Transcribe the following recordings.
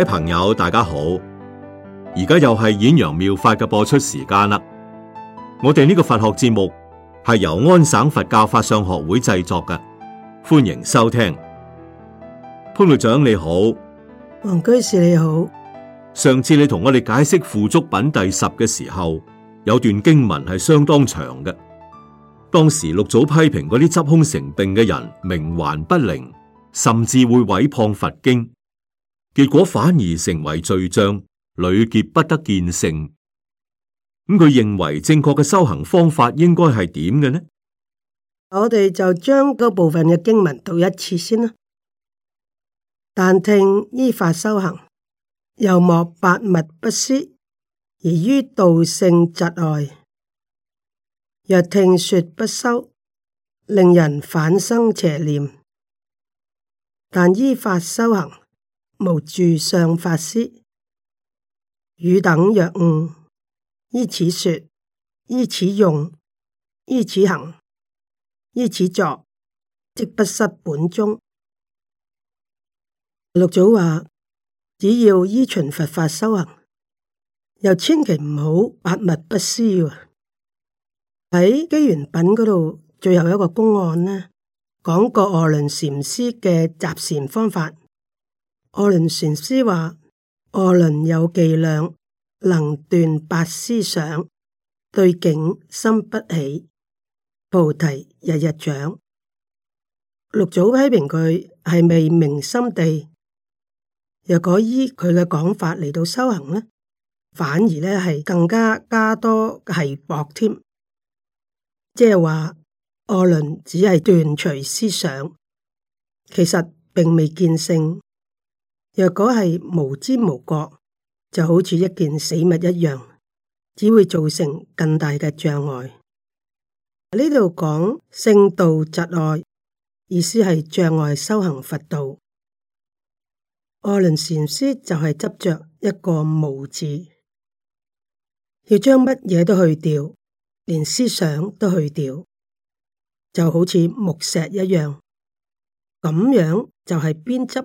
各位朋友，大家好！而家又係演揚妙,妙法嘅播出時間啦。我哋呢個佛學節目係由安省佛教,教法相學會製作嘅，歡迎收聽。潘隊長你好，黃居士你好。上次你同我哋解釋《付囑品》第十嘅時候，有段經文係相當長嘅。當時六祖批評嗰啲執空成病嘅人，冥頑不靈，甚至會毀謗佛經。結果反而成為罪障，累劫不得見性。咁佢認為正確嘅修行方法應該係點嘅呢？我哋就將嗰部分嘅經文讀一次先啦。但聽依法修行，又莫百物不思，而於道性窒礙。若聽說不修，令人反生邪念。但依法修行。無住上法師汝等若悟，依此說，依此用，依此行，依此作，即不失本宗。六祖話：只要依循佛法修行，又千祈唔好百物不思啊！喺《機緣品》嗰度最後一個公案呢，講過臥輪禪師嘅集禪方法。卧輪禪師話：卧輪有伎量，能斷百思想，對境心不起，菩提日日長。六祖批評佢係未明心地，若果依佢嘅講法嚟到修行呢，反而咧係更加加多係博添。即係話卧輪只係斷除思想，其實並未見性。若果係無知無覺，就好似一件死物一樣，只會造成更大嘅障礙。呢度講聖道窒礙，意思係障礙修行佛道。阿倫禪師就係執着一個無字，要將乜嘢都去掉，連思想都去掉，就好似木石一樣，咁樣就係邊執。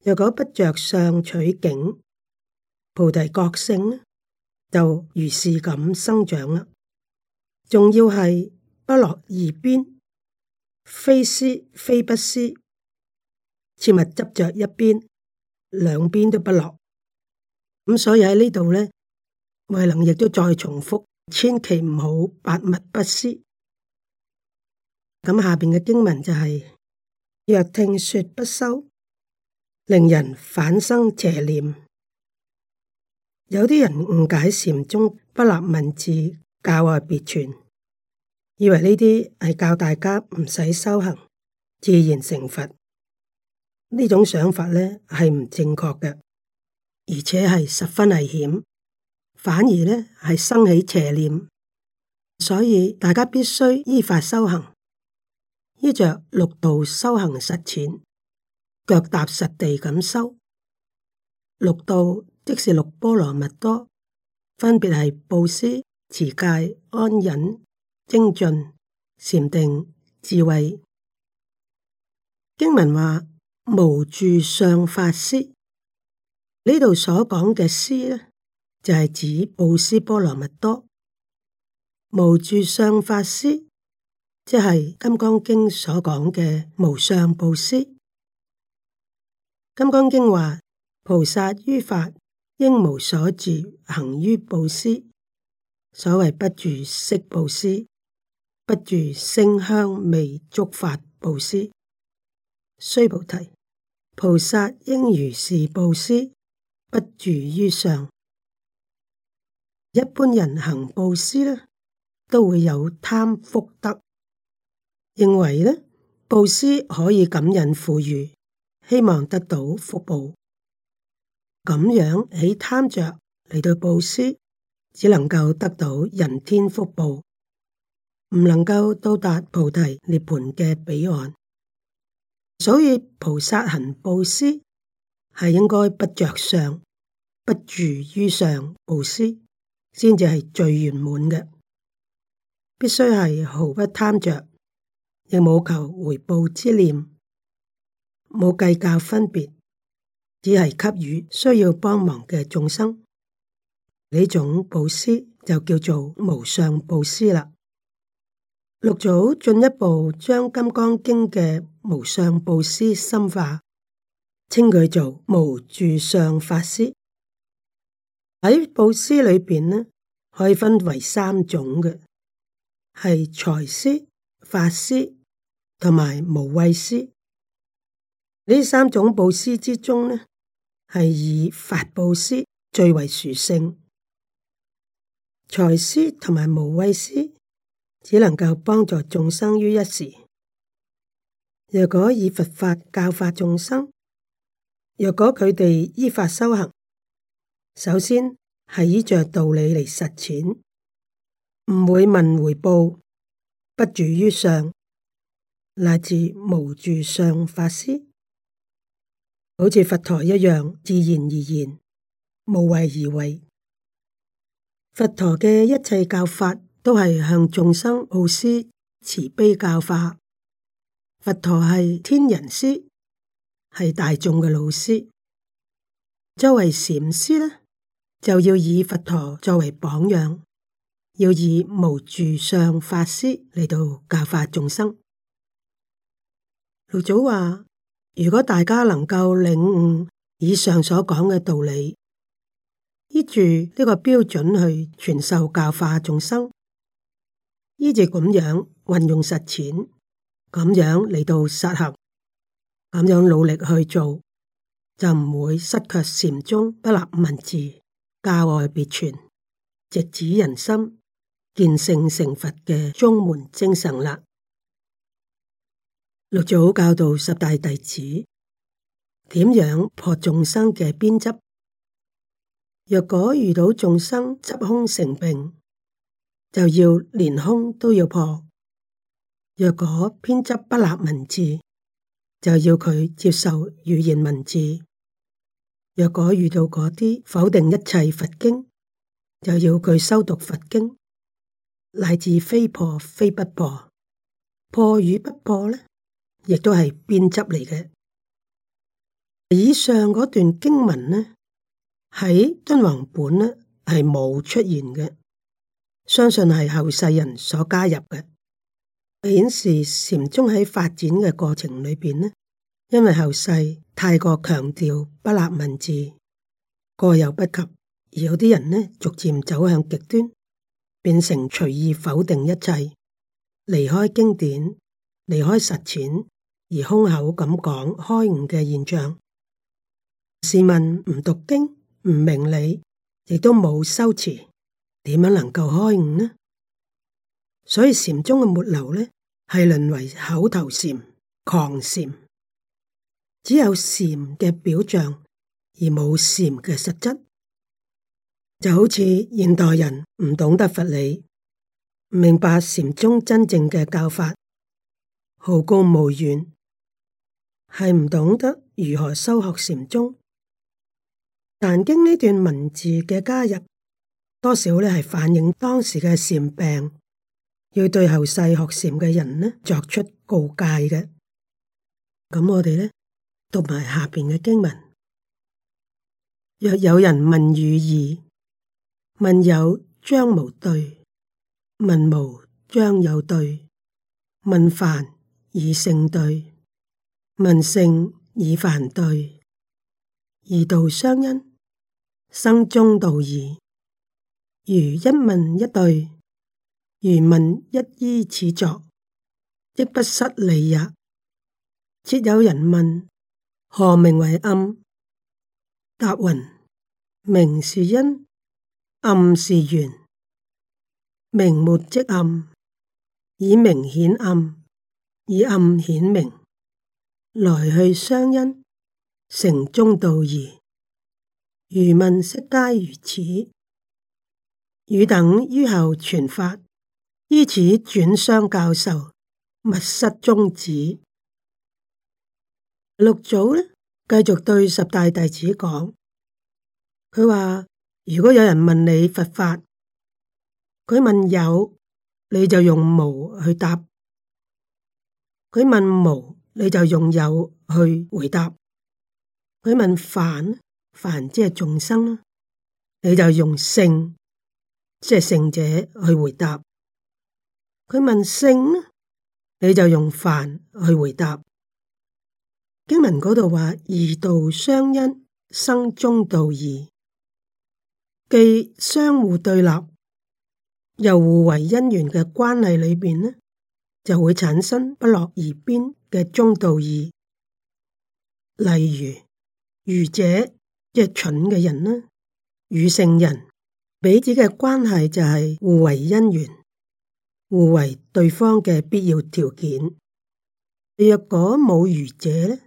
若果不着相取景，菩提覺性就如是咁生長啦。仲要係不落二邊，非思非不思，切勿執着一邊，兩邊都不落。咁所以喺呢度呢，慧能亦都再重複，千祈唔好百物不思。咁下邊嘅經文就係，若聽說不修。令人反生邪念，有啲人誤解禪宗不立文字，教外別傳，以為呢啲係教大家唔使修行，自然成佛。呢種想法呢係唔正確嘅，而且係十分危險，反而呢係生起邪念。所以大家必須依法修行，依着六度修行實踐。腳踏實地咁修六度，即是六波羅蜜多，分別係布施、持戒、安忍、精進、禪定、智慧。經文話無住相法施，呢度所講嘅施呢，就係指布施波羅蜜多。無住相法施，即係金剛經所講嘅無相布施。金剛經話，菩薩於法應無所住，行於布施。所謂不住色布施，不住聲香味觸法布施。須菩提，菩薩應如是布施，不住於相。一般人行布施呢，都會有貪福德，認為呢布施可以感應富裕。希望得到福報，咁樣起貪着嚟到布施，只能夠得到人天福報，唔能夠到達菩提涅槃嘅彼岸。所以菩薩行布施係應該不着相，不住於相布施，先至係最圓滿嘅。必須係毫不貪着，亦冇求回報之念。冇計較分別，只係給予需要幫忙嘅眾生，呢種布施就叫做無相布施啦。六祖進一步將金剛經嘅無相布施深化，稱佢做無住相法施。喺布施裏邊呢，可以分為三種嘅，係財施、法施同埋無畏施。呢三種布施之中呢，係以法布施最為殊勝。財施同埋無畏施，只能夠幫助眾生於一時。若果以佛法教化眾生，若果佢哋依法修行，首先係依着道理嚟實踐，唔會問回報，不住於上，乃至無住上法施。好似佛陀一樣，自然而然，無為而為。佛陀嘅一切教法都係向眾生布施慈悲教化。佛陀係天人師，係大眾嘅老師。作為禪師咧，就要以佛陀作為榜樣，要以無住上法師嚟到教化眾生。老祖話。如果大家能夠領悟以上所講嘅道理，依住呢個標準去傳授教化眾生，依住咁樣運用實踐，咁樣嚟到實行，咁樣努力去做，就唔會失卻禪宗不立文字、教外別傳、直指人心、見性成佛嘅宗門精神啦。六祖教導十大弟子：點樣破眾生嘅邊執？若果遇到眾生執空成病，就要連空都要破；若果邊執不立文字，就要佢接受語言文字；若果遇到嗰啲否定一切佛經，就要佢修讀佛經，乃至非破非不破，破與不破呢？亦都係編輯嚟嘅。以上嗰段經文呢，喺敦煌本呢係冇出現嘅，相信係後世人所加入嘅，顯示禪宗喺發展嘅過程裏邊呢，因為後世太過強調不立文字，過猶不及，而有啲人呢逐漸走向極端，變成隨意否定一切，離開經典。離開實踐而空口咁講開悟嘅現象，試問唔讀經唔明理亦都冇修持，點樣能夠開悟呢？所以禪宗嘅末流咧係淪為口頭禪、狂禪，只有禪嘅表象而冇禪嘅實質。就好似現代人唔懂得佛理，唔明白禪宗真正嘅教法。好高騖遠，係唔懂得如何修學禪宗。但經呢段文字嘅加入，多少呢係反映當時嘅禪病，要對後世學禪嘅人咧作出告誡嘅。咁我哋呢，讀埋下邊嘅經文：若有人問汝義，問有將無對，問無將有對，問凡，以聖對，問聖以凡對，二道相因，生中道義。如一問一對，如問一依此作，亦不失理也。設有人問何名為暗？答云：明是因，暗是緣，明末即暗，以明顯暗。以暗顯明，來去相因，成中道義。如問悉皆如此，汝等於後傳法，依此轉相教授，勿失宗旨。六祖呢，繼續對十大弟子講，佢話：如果有人問你佛法，佢問有，你就用無去答。佢問無，你就用有去回答；佢問凡，凡即係眾生啦，你就用聖，即係聖者去回答。佢問聖，你就用凡去回答。經文嗰度話二道相因生中道義，既相互對立，又互為因緣嘅關係裏邊呢，就會產生不落二邊嘅中道義，例如愚者即係蠢嘅人啦，與聖人彼此嘅關係就係互為因緣，互為對方嘅必要條件。若果冇愚者咧，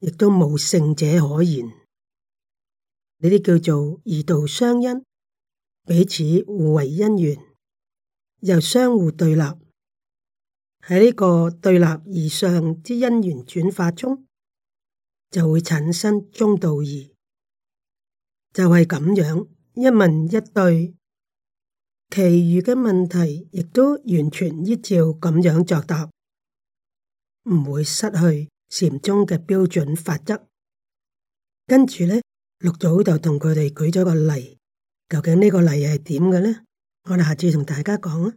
亦都冇聖者可言。呢啲叫做二道相因，彼此互為因緣，又相互對立。喺呢個對立而上之因緣轉化中，就會產生中道義，就係咁樣一問一對，其餘嘅問題亦都完全依照咁樣作答，唔會失去禪宗嘅標準法則。跟住咧，六祖就同佢哋舉咗個例，究竟呢個例係點嘅咧？我哋下次同大家講啊！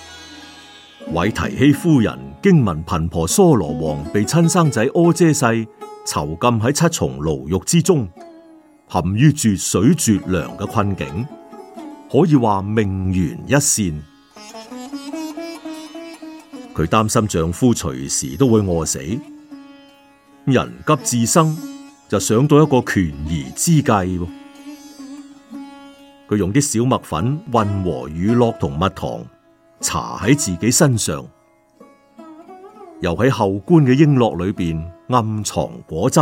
韋提希夫人驚聞頻婆娑羅王被親生仔阿闍世囚禁喺七重牢獄之中，陷於絕水絕糧嘅困境，可以話命懸一線。佢擔心丈夫隨時都會餓死，人急智生，就想到一個權宜之計。佢用啲小麥粉混和乳酪同蜜糖。搽喺自己身上，又喺后官嘅瓔珞裏邊暗藏果汁，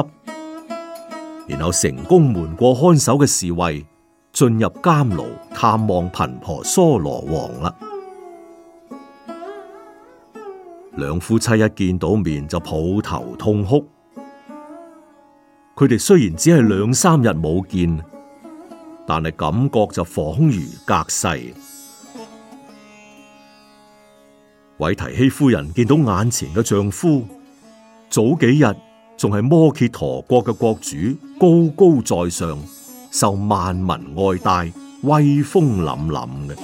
然後成功瞞過看守嘅侍衛，進入監牢探望頻婆娑羅王啦。兩夫妻一見到面就抱頭痛哭。佢哋雖然只係兩三日冇見，但係感覺就恍如隔世。韋提希夫人見到眼前嘅丈夫，早幾日仲係摩羯陀國嘅國主，高高在上，受萬民愛戴，威風凜凜嘅。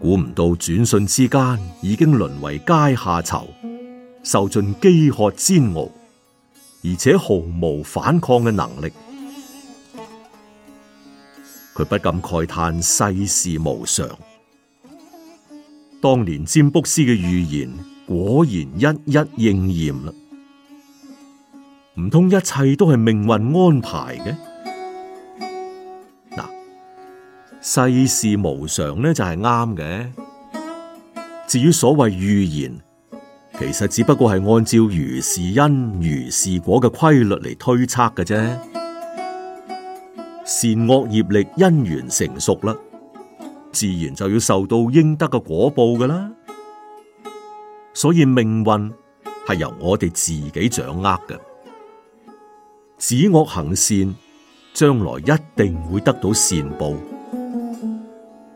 估唔到轉瞬之間，已經淪為階下囚，受盡飢渴煎熬，而且毫無反抗嘅能力。佢不禁慨嘆世事無常。當年占卜師嘅預言果然一一應驗啦，唔通一切都係命運安排嘅？嗱，世事無常呢，就係啱嘅。至於所謂預言，其實只不過係按照如是因如是果嘅規律嚟推測㗎啫。善惡業力，因緣成熟啦。自然就要受到應得嘅果報㗎啦，所以命運係由我哋自己掌握嘅。止惡行善，將來一定會得到善報；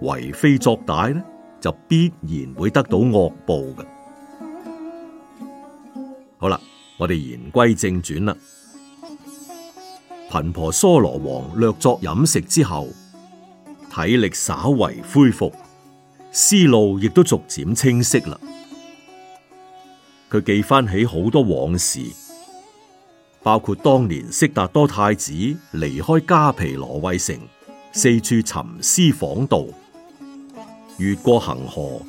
為非作歹呢，就必然會得到惡報嘅。好啦，我哋言歸正傳啦。頻婆娑羅王略作飲食之後。體力稍為恢復，思路亦都逐漸清晰啦。佢記翻起好多往事，包括當年悉達多太子離開迦毗羅衛城，四處尋師訪道，越過恒河，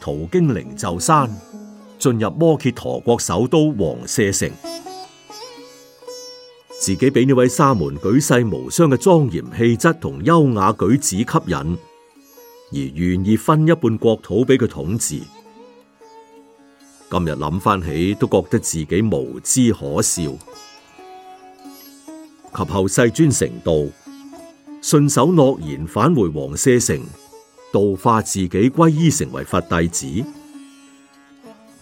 途經靈鷲山，進入摩羯陀國首都王舍城。自己俾呢位沙門舉世無雙嘅莊嚴氣質同優雅舉止吸引，而願意分一半國土俾佢統治。今日諗翻起，都覺得自己無知可笑。及後世尊成道，信守諾言返回王舍城，度化自己歸依成為佛弟子。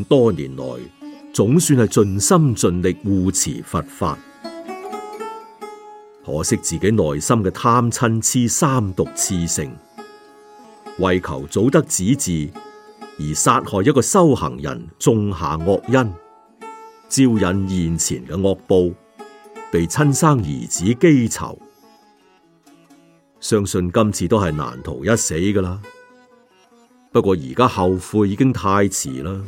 多年來，總算係盡心盡力護持佛法。可惜自己內心嘅貪嗔癡三毒熾盛，為求早得子嗣而殺害一個修行人，種下惡因，招引現前嘅惡報，被親生兒子積仇，相信今次都係難逃一死㗎喇。不過而家後悔已經太遲啦。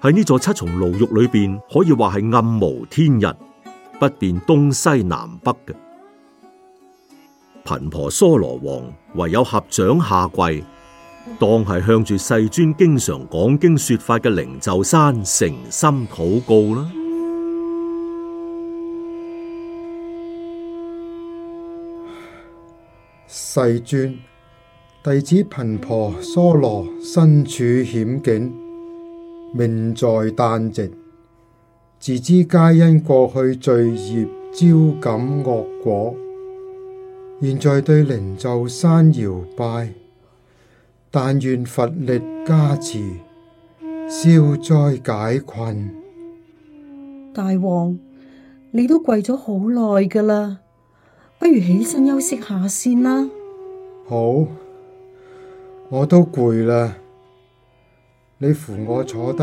喺呢座七重牢獄裏邊，可以話係暗無天日，不辨東西南北嘅。頻婆娑羅王唯有合掌下跪，當係向住世尊經常講經說法嘅靈鷲山誠心禱告啦。世尊，弟子頻婆娑羅身處險境。命在旦夕，自知皆因過去罪孽招感惡果，現在對靈鷲山搖拜，但願佛力加持，消災解困。大王，你都跪咗好耐噶啦，不如起身休息下先啦。好，我都攰啦。你扶我坐低，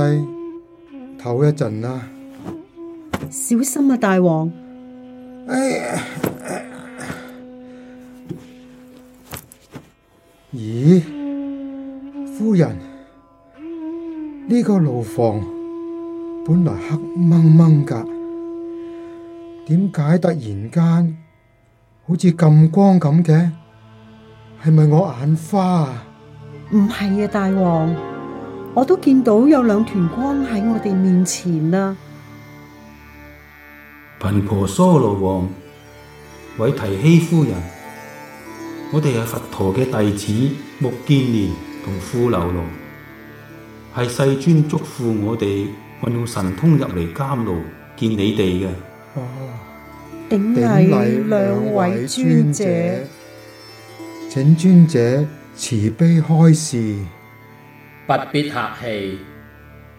唞一陣啦。小心啊，大王！哎呀！咦、哎？夫人，呢、這個牢房本來黑蒙蒙噶，點解突然間好似咁光咁嘅？係咪我眼花啊？唔係啊，大王。我都見到有兩團光喺我哋面前啊。貧婆娑羅王、韋提希夫人，我哋係佛陀嘅弟子木建連同富流羅，係世尊囑咐我哋運用神通入嚟監牢見你哋嘅。哦，頂禮兩位尊者，尊者，請尊者慈悲開示。不必客氣，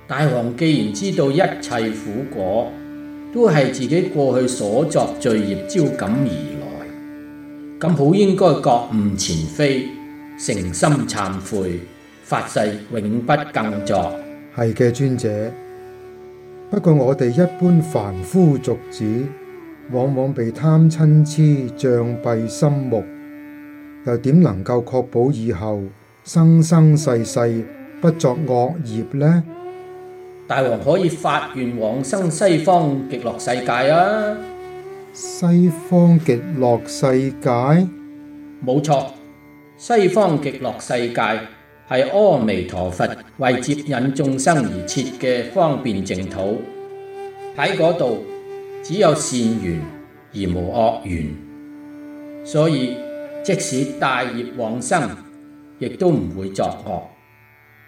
大王既然知道一切苦果都係自己過去所作罪孽招感而來，咁好應該覺悟前非，誠心懺悔，發誓永不更作。係嘅尊者，不過我哋一般凡夫俗子，往往被貪嗔痴障蔽心目，又點能夠確保以後生生世世？不作惡業呢？大王可以發願往生西方極樂世界啊！西方極樂世界？冇錯，西方極樂世界係阿彌陀佛為接引眾生而設嘅方便淨土，喺嗰度只有善緣而無惡緣，所以即使大業往生，亦都唔會作惡。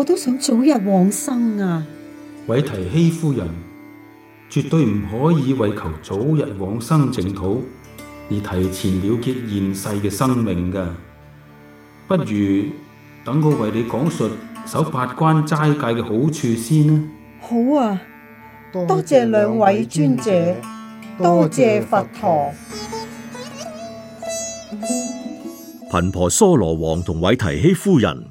我都想早日往生啊！韋提希夫人絕對唔可以為求早日往生淨土而提前了結現世嘅生命噶啊，不如等我為你講述守八關齋戒嘅好處先啊。好啊，多謝兩位尊者，多謝佛陀，頻婆娑羅王同韋提希夫人。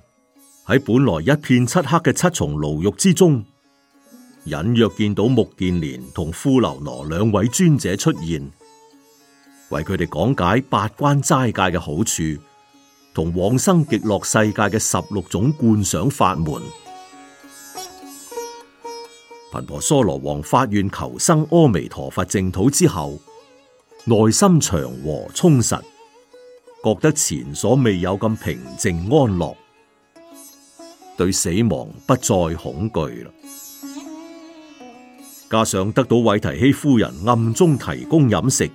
喺本來一片漆黑嘅七重牢獄之中，隱約見到目犍連同富樓那兩位尊者出現，為佢哋講解八關齋戒嘅好處，同往生極樂世界嘅十六種觀想法門。頻婆娑羅王發願求生阿彌陀佛淨土之後，內心祥和充實，覺得前所未有咁平靜安樂。.對死亡不再恐懼啦，加上得到韋提希夫人暗中提供飲食，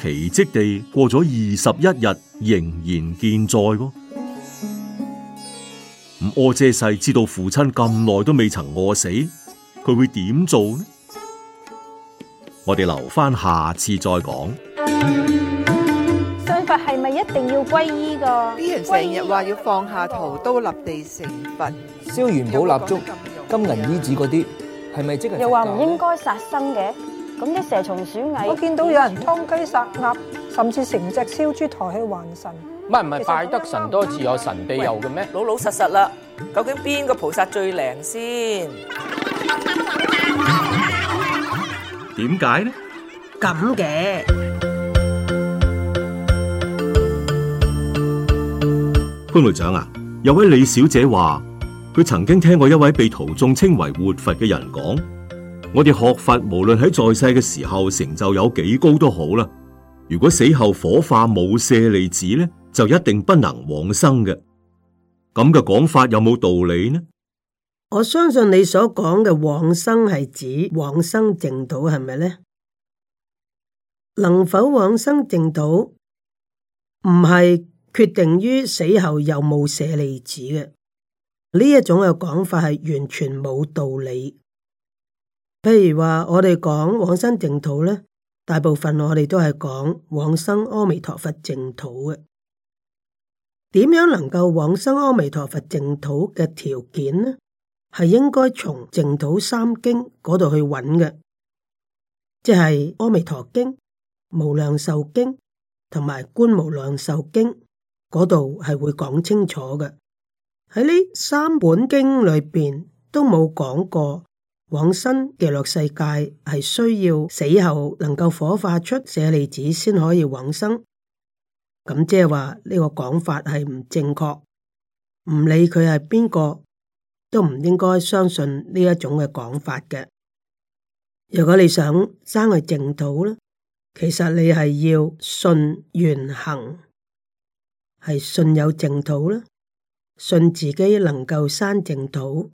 奇迹地過咗二十一日仍然健在。唔、嗯、阿闍世知道父親咁耐都未曾餓死，佢會點做呢？我哋留翻下，下次再講。一定要皈依㗎，啲人成日話要放下屠刀立地成佛，燒元寶蠟燭、金銀衣紙嗰啲，係咪即係？又話唔應該殺生嘅，咁啲蛇蟲鼠蟻，我見到有人劏雞殺鴨，甚至成隻燒豬抬去還神，唔係拜得神多自有神庇佑嘅咩？老老實實啦，究竟邊個菩薩最靈先？點解呢？咁嘅。潘會長啊，有位李小姐話，佢曾經聽過一位被徒眾稱為活佛嘅人講，我哋學佛無論喺在，在世嘅時候成就有幾高都好啦，如果死後火化冇舍利子咧，就一定不能往生嘅。咁嘅講法有冇道理呢？我相信你所講嘅往生係指往生淨土係咪咧？能否往生淨土唔係？決定於死後又冇舍利子嘅呢一種嘅講法係完全冇道理。譬如話，我哋講往生淨土咧，大部分我哋都係講往生阿彌陀佛淨土嘅。點樣能夠往生阿彌陀佛淨土嘅條件呢？係應該從淨土三經嗰度去揾嘅，即係《阿彌陀經》、《無量壽經》同埋《觀無量壽經》。嗰度係會講清楚嘅，喺呢三本經裏邊都冇講過往生極樂世界係需要死後能夠火化出舍利子先可以往生，咁即係話呢個講法係唔正確，唔理佢係邊個都唔應該相信呢一種嘅講法嘅。如果你想生去淨土呢，其實你係要信願行。係信有淨土啦，信自己能夠生淨土，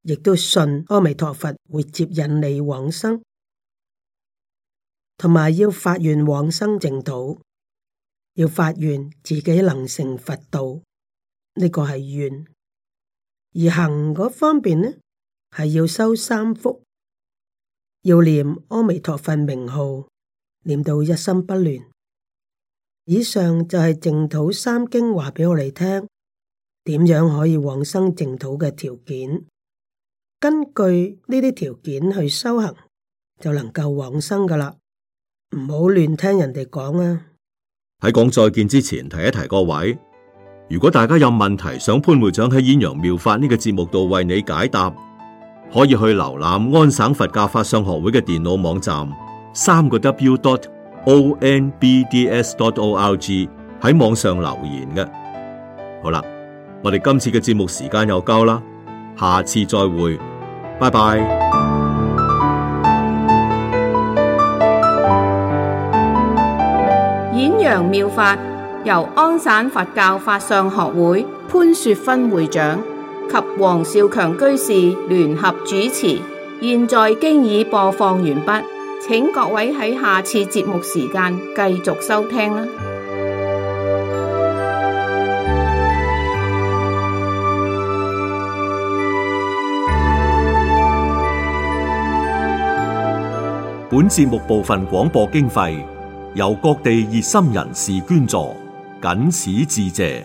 亦都信阿彌陀佛會接引你往生，同埋要發願往生淨土，要發願自己能成佛道，呢個係願。而行嗰方面呢，係要修三福，要念阿彌陀佛名號，念到一心不亂。以上就係淨土三經話俾我哋聽，點樣可以往生淨土嘅條件。根據呢啲條件去修行，就能夠往生噶啦。唔好亂聽人哋講啊！喺講再見之前，提一提各位，如果大家有問題想潘會長喺《演揚妙法》呢個節目度為你解答，可以去瀏覽安省佛教法相學會嘅電腦網站，三個 W dot。Onbds.org 喺網上留言嘅。好啦，我哋今次嘅節目時間又夠啦，下次再會，拜拜。演揚妙法由安省佛教法相學會潘雪芬會長及黃少強居士聯合主持，現在經已播放完畢。請各位喺下次節目時間繼續收聽啦。本節目部分廣播經費由各地熱心人士捐助，謹此致謝。